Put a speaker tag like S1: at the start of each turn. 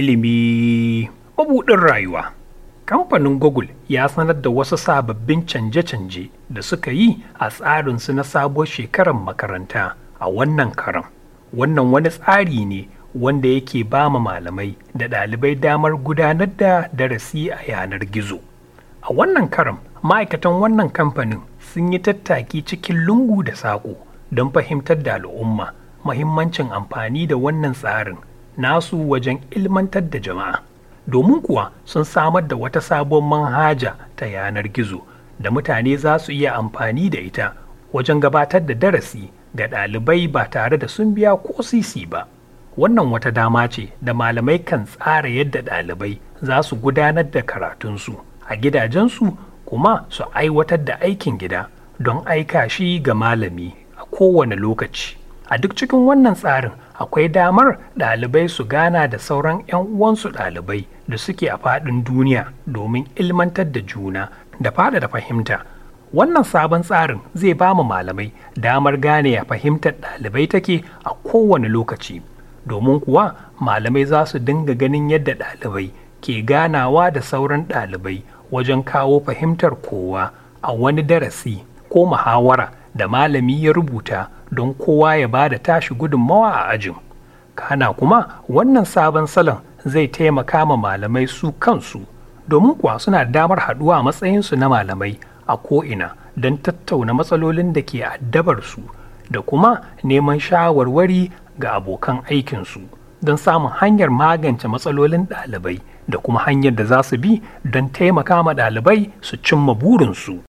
S1: ilimi mabuɗin rayuwa. Kamfanin Google ya sanar da wasu sababbin canje-canje da suka yi a tsarin su na sabuwar shekarar makaranta a wannan karan. Wannan wani tsari ne wanda yake ba ma malamai da ɗalibai damar gudanar da darasi a yanar gizo. A wannan karan ma'aikatan wannan kamfanin sun yi tattaki cikin lungu da saƙo don fahimtar da al'umma mahimmancin amfani da wannan tsarin nasu wajen ilmantar da jama'a domin kuwa sun samar da wata sabon manhaja ta yanar gizo da mutane za su iya amfani da ita wajen gabatar da darasi ga ɗalibai ba tare da sun biya ko sisi ba wannan wata dama ce da malamai kan tsara yadda ɗalibai za su gudanar da karatunsu a gidajensu kuma su aiwatar da aikin gida don aika shi ga malami a kowane lokaci a duk cikin wannan tsarin akwai damar ɗalibai su gana da sauran 'yan uwansu ɗalibai da suke a faɗin duniya domin ilmantar da juna da da fahimta wannan sabon tsarin zai ba mu malamai damar gane ya fahimtar ɗalibai take a kowane lokaci domin kuwa malamai za su dinga ganin yadda ɗalibai ke ganawa da sauran ɗalibai wajen kawo fahimtar kowa a wani darasi ko muhawara da malami ya rubuta don kowa ya ba da tashi gudunmawa a ajin kana kuma wannan sabon salon zai taimaka ma malamai su kansu domin kuwa suna damar haɗuwa a matsayinsu na malamai a ko'ina don tattauna matsalolin da ke addabarsu da kuma neman shawarwari ga abokan aikinsu don samun hanyar magance matsalolin ɗalibai da kuma hanyar da za su bi don taimaka ma ɗalibai su cimma burinsu.